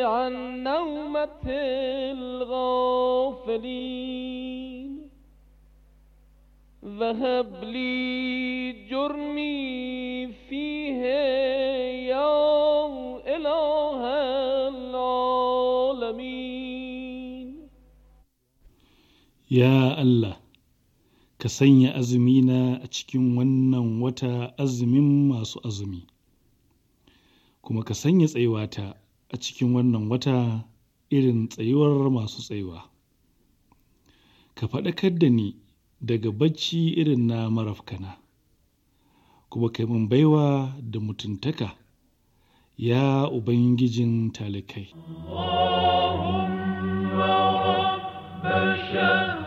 عن نومة الغافلين وهب لي جرمي فيه يا إله العالمين يا الله ka sanya azumina a cikin wannan wata azumin masu azumi kuma ka sanya tsayuwata a cikin wannan wata irin tsayuwar masu tsayuwa ka faɗakar da ni daga bacci irin na marafkana kuma ka min baiwa da mutuntaka ya ubangijin talikai Allahumma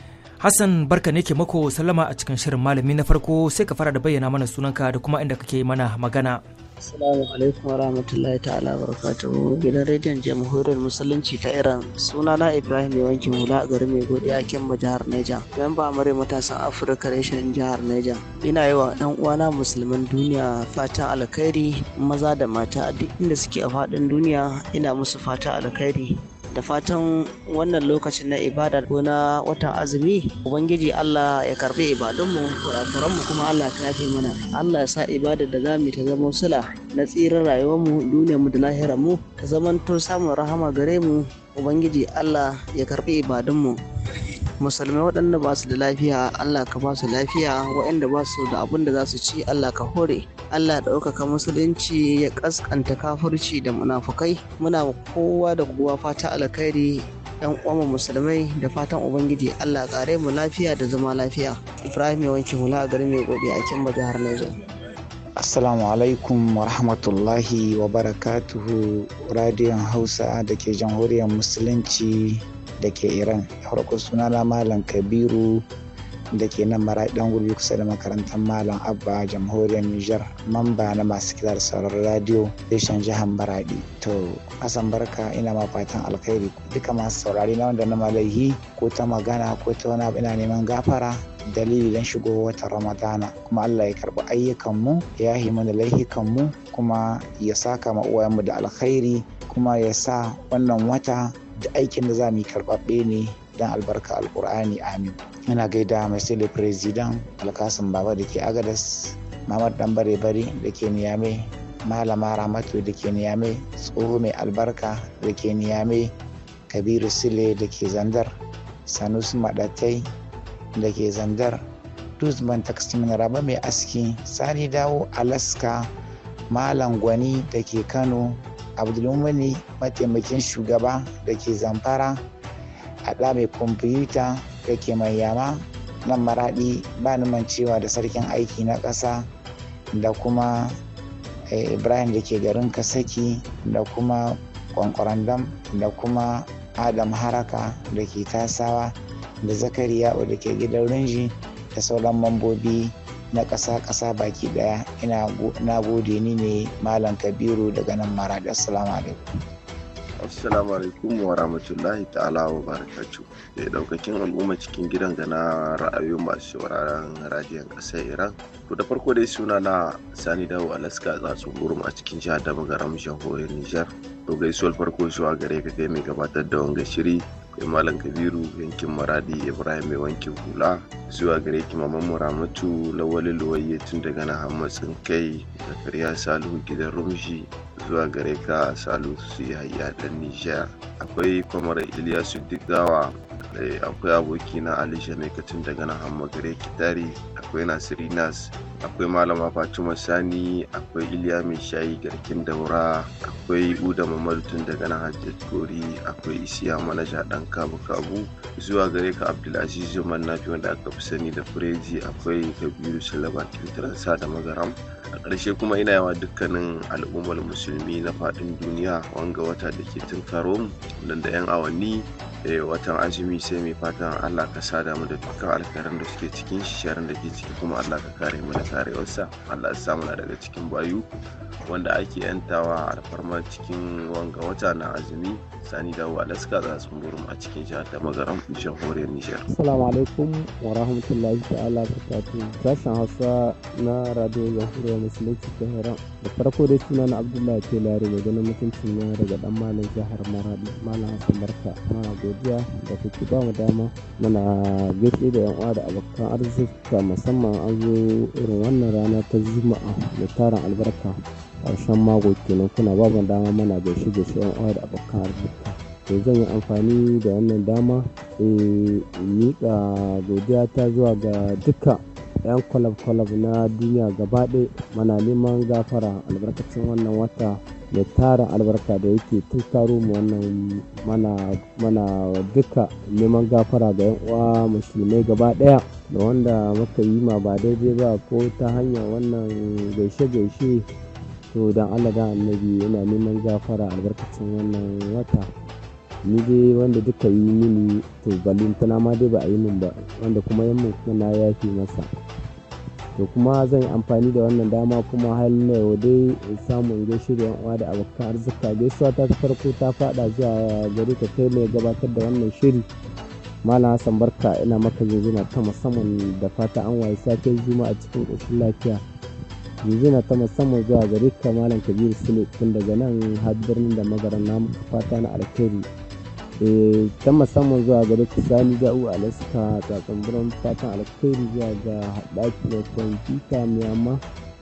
Hassan barka ne ke mako sallama a cikin shirin malami na farko sai ka fara da bayyana mana sunanka da kuma inda kake mana magana. Assalamu alaikum wa rahmatullahi ta'ala barakatuhu gidan rediyon jamhuriyar musulunci ta Iran sunana Ibrahim Yawankin Hula a garin Mai Gode a Kemba jihar Neja memba amare matasan Afirka reshen jihar Neja ina yi wa ɗan uwana musulman duniya fatan alkhairi maza da mata a duk inda suke a faɗin duniya ina musu fatan alkhairi da fatan wannan lokacin na ibada ko na watan azumi ubangiji Allah ya karbi ibadunmu mu kuma Allah ya kafe mana Allah ya sa ibada da zamu ta zama sula na tsirar rayuwarmu duniyarmu da mu ta zamanto samun rahama gare mu ubangiji Allah ya karbi ibadunmu musulmai waɗanda ba su da lafiya Allah ka ba su lafiya waɗanda ba su da abin da za su ci Allah ka hore Allah ɗaukaka musulunci ya ƙasƙanta kafurci da munafukai muna kowa da kowa fata alkhairi yan uwan musulmai da fatan ubangiji allah ƙare mu lafiya da zama lafiya ibrahim ya wanke hula a garin mai gobe a kimba jihar niger assalamu alaikum wa rahmatullahi wa barakatuhu radiyon hausa da ke jamhuriyar musulunci da ke iran farko sunana malam kabiru da ke nan dan gurbi kusa da makarantar malam abba a jamhuriyar nijar mamba na masu kira da sauran radio reshen jihar maraɗi to asan barka ina ma fatan alkhairi duka masu saurari na wanda na malaihi ko ta magana ko ta wani abu ina neman gafara dalili don shigo watan ramadana kuma allah ya karɓi ayyukanmu ya yi mana laihikanmu kuma ya saka ma uwayenmu da alkhairi kuma ya sa wannan wata aikin da za mu yi karɓaɓɓe ne don albarka alkur'ani amin yana gaida mai sele president alkasim baba da ke agadas mamad dan bare bare da ke niyame malama ramatu da ke niyame tsoho mai albarka da ke niyame kabiru sile da ke zandar sanusi maɗatai da ke zandar Tuzman taksimin raba mai aski sani dawo alaska malam gwani da ke kano abdulmani mataimakin shugaba da ke zamfara a mai kwamfuta da ke mai yama nan maraɗi ba numan cewa da sarkin aiki na ƙasa da kuma eh, ibrahim da ke garin kasaki da kuma kwankwarandam da kuma adam haraka da ke tasawa da zakariya da ke gidan rinji da sauran mambobi na ƙasa-ƙasa baki ɗaya ina gode ni ne malam kabiru daga nan maradi assalamu alaikum assalamu alaikum wa rahmatullahi ta'ala wa barakatu da eh, daukakin al'umma cikin gidan gana ra'ayoyi masu sauraron radiyon ƙasar iran to da farko dai suna na sani dawo alaska su gurum a cikin jihar da magaram jamhuriyar nijar to gaisuwar farko zuwa gare ka kai mai gabatar da wanga shiri akwai malam kabiru yankin maradi ibrahim mai wankin hula zuwa gare ki maman muramatu lawali luwayye tun daga na hamasin kai da karya salu gidan rumshi zuwa gare ka salu su yi hayya dan nijar akwai kwamar iliyasu digawa Eh, akwai aboki na alisha ne kacin daga nan hammagare kitari akwai nasiri nas akwai malama fatima sani akwai iliya mai shayi garkin daura akwai uda mamadu tun daga nan hajjat kori akwai isiya manaja dan kabu kabu zuwa gare ka abdulaziz zuman nafi wanda aka fi sani da fureji akwai kabiru salaba tutar sa da magaram a ƙarshe kuma ina yawa dukkanin al'ummar musulmi na faɗin duniya wanga wata da ke tunkaro mu nan da 'yan awanni eh, watan azumi sai mai fatan allah ka sada mu da dukkan alkarin da suke cikin shi da ke ciki kuma allah ka kare mu da karewarsa allah ya samu daga cikin bayu wanda ake yantawa alfarma cikin wanga wata na azumi sani dawo alaska za su burin a cikin jihar da magaram horiyar nijar assalamu alaikum wa rahmatullahi ta'ala tafi sashen hausa na radio musulunci haram da farko dai suna na abdullahi lari mai ganin mutuncin na daga dan malam jihar maradi malam hassan barka mana godiya da kuke ba mu dama mana gaishe da yan da abokan arziki musamman an zo irin wannan rana ta juma'a da tarin albarka karshen mako kenan kuna babu dama mana gaishe gaishe yan uwa da abokan arziki to zan yi amfani da wannan dama in miƙa godiya ta zuwa ga duka 'yan kwalab-kwalab na duniya gaba ɗaya mana neman gafara albarkacin wannan wata da tara albarka da yake tattaro mu wannan mana duka neman gafara ga yan uwa musulmai gaba ɗaya da wanda muka yi ma ba daidai ba ko ta hanyar wannan gaishe gaishe to dan Allah da annabi yana neman gafara albarkacin wannan wata ni dai wanda duka yi mini to balintana ma dai ba a yi min ba wanda kuma yamma kuma na yafi masa to kuma zan yi amfani da wannan dama kuma har na yau dai samu in shirya da uwa da abokan arzika gaisuwa ta farko ta fada zuwa gari ta kai mai gabatar da wannan shiri malam hassan barka ina maka zuzuna ta musamman da fata an waye safiyar a cikin ƙoshin lafiya zuzuna ta musamman zuwa gari ka malam kabiru sule tun daga nan har birnin da magaran namu fata na alkhairi Eh, ta musamman zuwa ga Dr. Sani Da'u Alaska ta biran fatan alkhairi zuwa ga haɗaki da kwamfuta mai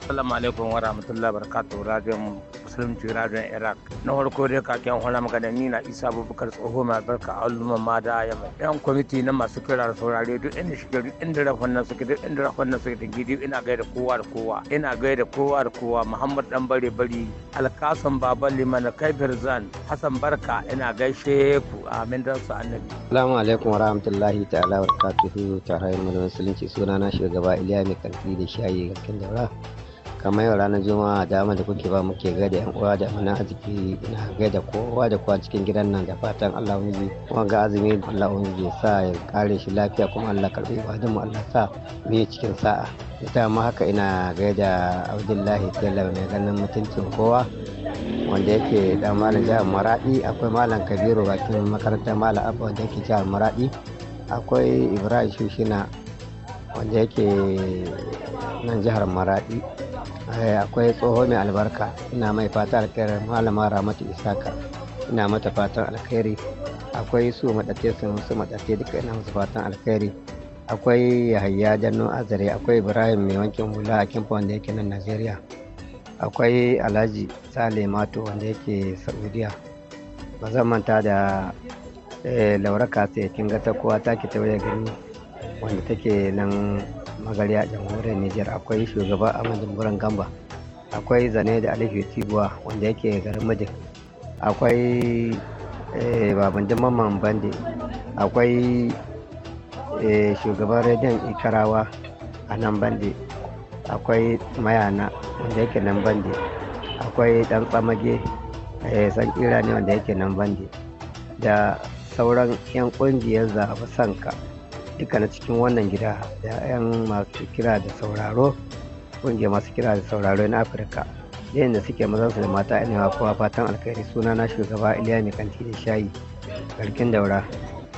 Assalamu alaikum wa rahmatullahi barakatuhu radiyon musulunci radiyon Iraq. Na farko dai kakin hona maka da na Isa Abubakar tsoho mai barka al'umma ma da yamma. Yan kwamiti na masu kira da saurare duk inda shigar inda rafin nan suke duk inda rafin nan suke gidi ina da kowa da kowa. Ina gaida kowa da kowa Muhammad dan bare bari Alkasan Baban Liman Kaifir Zan Hassan Barka ina gaishe ku amin dan su annabi. Assalamu alaikum wa rahmatullahi ta'ala wa barakatuhu tarayyar musulunci sunana shugaba Iliya mai kanti da shayi garkin daura. kamar yau ranar juma'a dama da kuke ba muke gaida yan uwa da amana arziki na gaida kowa da kowa cikin gidan nan da fatan Allah wani ga azumi Allah wani ya sa ya kare shi lafiya kuma Allah karbi da mu Allah sa mu cikin sa'a ma haka ina gaida Abdullahi tella mai ganin mutuncin kowa wanda yake da malam jihar Maradi akwai malam Kabiru bakin makarantar malam Abba wanda yake jihar Maradi akwai Ibrahim Shushina wanda yake nan jihar Maradi Eh, akwai tsoho mai albarka ina mai fata alkhairi malama ramatu isaka ina mata fatan alkhairi akwai su madace su su madace duka ina musu fatan alkhairi akwai yahaya janno azare akwai ibrahim mai wankin hula a kimfa wanda yake nan najeriya akwai alhaji sale mato wanda yake saudiya ba zan manta da eh, laura kasa kin ga ta kowa take ta waya gani wanda take nan magari a jamhuriyar niger akwai shugaba amadu buran gamba akwai zane da alifi tibuwa wanda yake garin majin akwai eh, baban dimaman bande akwai eh, shugaban rediyon ikarawa a nan bande akwai mayana wanda yake nan bande akwai dan tsamage eh, san kira ne wanda yake nan bande da sauran 'yan kungiyar zaɓi sanka duka na cikin wannan gida da 'yan masu kira da sauraro ƙungiyar masu kira da sauraro na afirka da yadda suke mazan su da mata ina kowa fatan alkhairi suna na shugaba iliya mai kanti da shayi garkin daura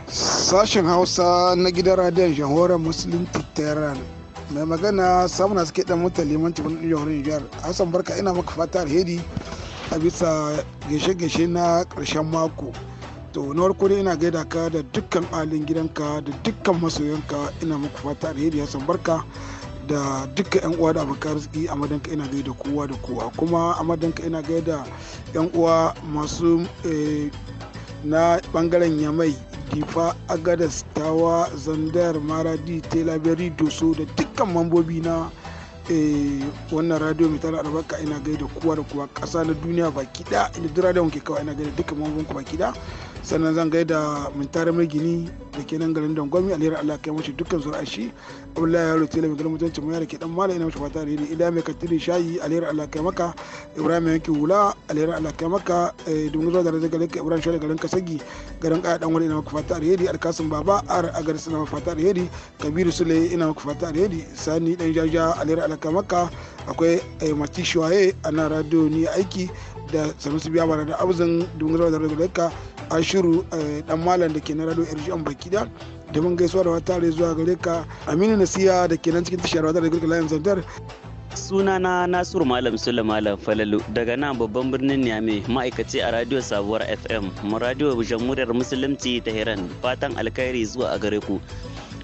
sashen hausa na gidan radiyon jamhuriyar musulunci tehran mai magana na suke dan mutan liman tibin yawon jihar hassan barka ina maka fata alheri a bisa gaishe-gaishe na karshen mako tonuwar kuri dai ina gaida ka da dukkan alin gidanka da dukkan masoyanka ina muku fata alheri ya san barka da duka yan uwa da abokan arziki a madanka ina gaida kowa da kowa kuma a madanka ina gaida yan uwa masu eh, na bangaren yamai difa agadas tawa zandar maradi telaberi doso da dukkan mambobi na eh, wannan radio mai tara albarka ina gaida kowa da kowa ƙasa na duniya baki ɗaya inda duk radio ke kawai ina gaida dukkan mambobin ku baki ɗaya sannan zan gaida mun tare mai gini da ke nan garin dangwami alheri allah kai mashi dukkan zuwa shi abdullahi ya rute mai garin mutuncin mai ke dan mala ina mashi fata da ila mai katiri shayi alheri allah kai maka ibrahim yanki hula alheri allah kai maka eh, domin zuwa da rage ka ibrahim shayi garin kasagi garin kaya dan wani ina maka fata yadi alkasim baba ar agar suna maka fata yadi kabiru sule ina maka fata yadi sani dan jaja alheri allah kai maka akwai eh, mati shuwaye a na radio ni aiki da sanusi biya bara da abuzin domin zama da a ashiru eh, dan malam da ke na rado irishi an baki da domin gaisuwa da wata zuwa gare ka aminu nasiya da ke nan cikin tashiyar wata da girka layin zantar sunana nasiru malam sule malam falalu daga nan babban birnin niamey ma'aikaci a radio sabuwar fm mu radio jamhuriyar musulunci ta hiran fatan alkhairi zuwa a gare ku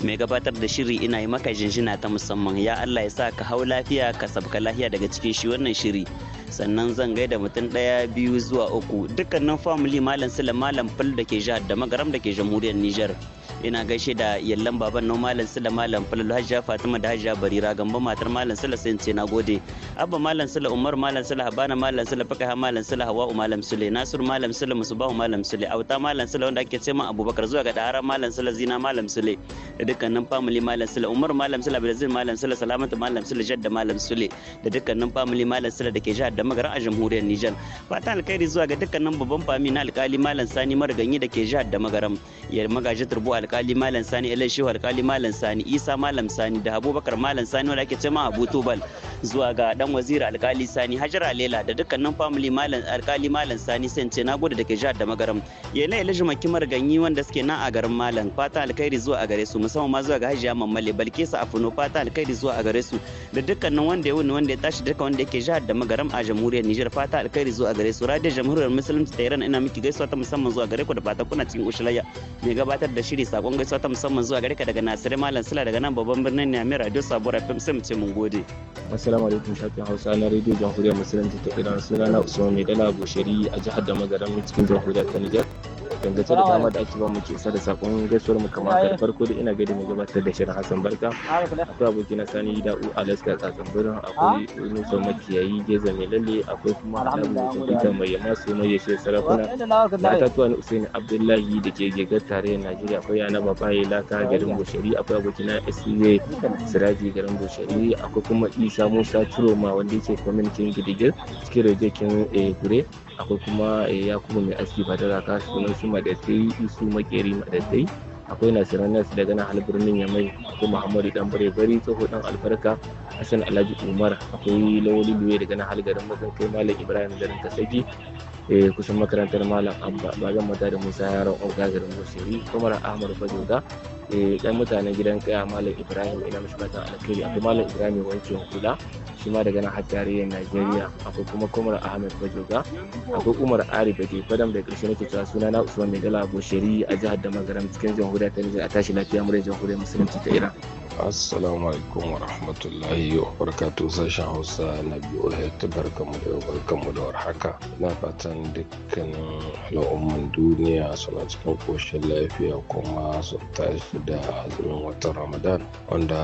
mai gabatar da shiri ina yi maka jinjina ta musamman ya Allah ya sa ka hau lafiya ka sabka lafiya daga cikin shi wannan shiri sannan zan gaida mutum daya biyu zuwa uku dukkanin famili malam sule malam fal da ke jihar da magaram da ke jamhuriyar Nijar. ina gaishe da yallan baban nau malam sula malam falalu hajja fatima da hajja barira gamba matar malam sula sai ce nagode abba malam sula umar malam sula habana malam sula fakaha malam sula hawa'u malam sule nasir malam sula musubahu malam sule auta malam sula wanda ake ce ma abubakar zuwa ga dahara malam sula zina malam sule da dukkanin family malam sula umar malam sula abdulaziz malam sula salamatu malam sula jadda malam sule da dukkanin family malam sula da ke jihar da magaran a jamhuriyar Nijar fatan alkhairi zuwa ga dukkanin babban fami na alkali malam sani mariganyi da ke jihar da magaram ya magaji turbo alkali malam sani ilan shehu alkali malam sani isa malam sani da abubakar malam sani wanda ake ce ma abu tubal zuwa ga dan wazir alkali sani hajara lela da dukkanin family malam alkali malam sani sai ce nagode da ke jihar da magaram yana ilaji makimar ganyi wanda suke nan a garin malam fata alkhairi zuwa a gare su musamman ma zuwa ga hajiya mammale balkisa afuno fata alkhairi zuwa a gare su da dukkanin wanda ya wuni wanda ya tashi duka wanda yake jihar da magaram a jamhuriyar Nijar fata alkhairi zuwa a gare su radio jamhuriyar musulunci ta Iran ina miki gaisuwa ta musamman zuwa gare ku da fata kuna cikin ushulayya mai gabatar da shiri sa sakon gaisuwa ta musamman zuwa gare ka daga Nasiru Malam Sula daga nan babban birnin Niamey Radio Sabuwar FM sai mu ce mun gode. Assalamu alaikum shafin Hausa na Radio Jamhuriyar Musulunci ta Iran suna sunana Usman Maidala Bushari a jihar Damagaram cikin Jamhuriyar ta Nijar. dangance da dama da ake ba mu ke isa da sakon gaisuwar mu kamar da farko da ina gaida mai gabatar da shirin Hassan Barka akwai abokina Sani Da'u Alaska birnin akwai Nusa Makiyayi Geza Mai Lalle akwai kuma Adamu ita Mai yamma su mai yashe sarakuna na tatuwa ni Usaini Abdullahi da ke gegar tarayyar Najeriya akwai Yana Babaye Laka garin Bushari akwai abokina SUA Siraji garin Bushari akwai kuma Isa Musa Turoma wanda yake kwamitin Gidigir cikin rajakin eh, Gure akwai kuma eh, yakubu mai aski fadar raka sunan su isu makeri madatai akwai nasiran nas daga nan hal birnin yamai akwai muhammadu dan bare bari tsoho dan albarka hassan alhaji umar akwai lawali duwe daga nan hal garin mazan kai malam ibrahim garin kasagi eh, kusan makarantar malam abba mata da musa yaron auga garin busiri kuma ahmad fajoga dan eh, mutanen gidan kaya malam ibrahim ina mashi fatan alkhairi akwai malam ibrahim wankin kula shi ma daga nan har tarayyar najeriya akwai kuma kumar ahmed fajoga akwai umar ari da ke fadam da karshe nake cewa suna na usman mai dala bushiri a jihar da magaram cikin jamhuriyar ta nijar a tashi lafiya muryar jamhuriyar musulunci ta iran assalamu alaikum wa rahmatullahi wa barakatu sashen hausa na biyu haiti barkamu da mu da warhaka na fatan dukkanin al'umman duniya suna cikin koshin lafiya kuma su tashi da azumin watan ramadan wanda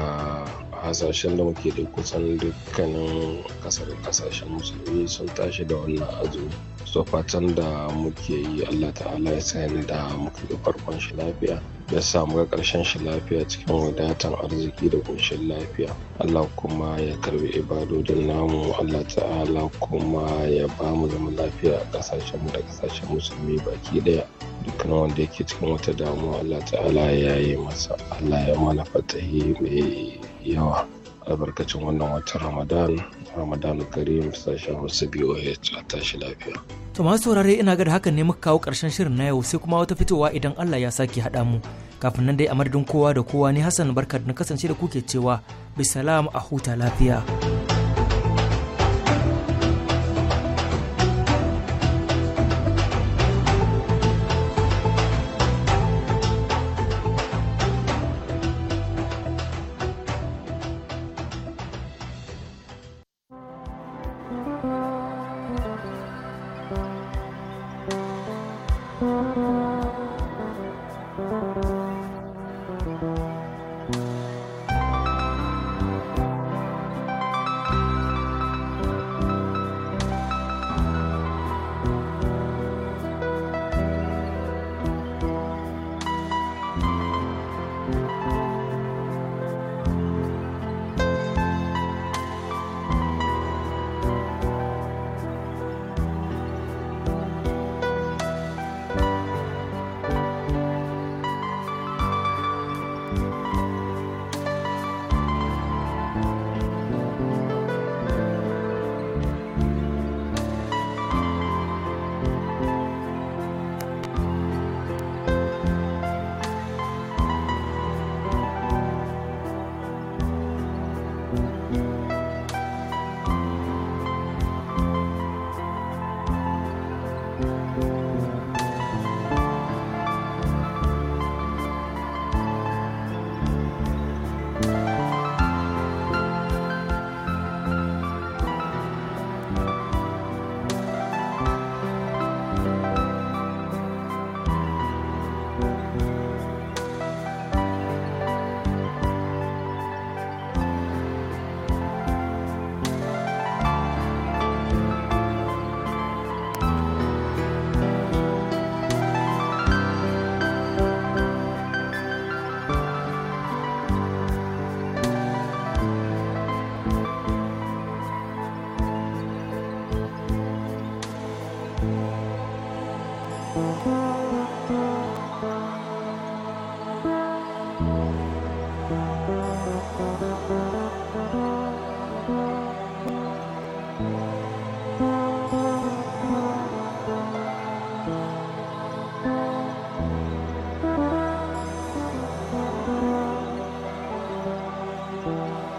hasashen da muke da kusan dukkanin kasar kasashen musulmi sun tashi da wannan azumi so fatan da muke yi allah ta'ala ya sani da muke da farkon shi lafiya ya samu ga ƙarshen shi lafiya cikin wadatan arziki da ƙunshin lafiya allah kuma ya karbi ibadodin namu allah ta'ala kuma ya ba mu zama lafiya a ƙasashen mu da ƙasashen musulmi baki ɗaya dukkan wanda yake cikin wata damuwa allah ta'ala ya yi masa allah ya mana fatahi mai yawa albarkacin wannan watan ramadan Ramadan Karim sashen wasu BOH a tashi lafiya. To masu saurare ina ga da hakan ne muka kawo karshen shirin na yau sai kuma wata fitowa idan Allah ya sake haɗa mu. Kafin nan dai a madadin kowa da kowa ne Hassan barka na kasance da kuke cewa bisalam a huta lafiya.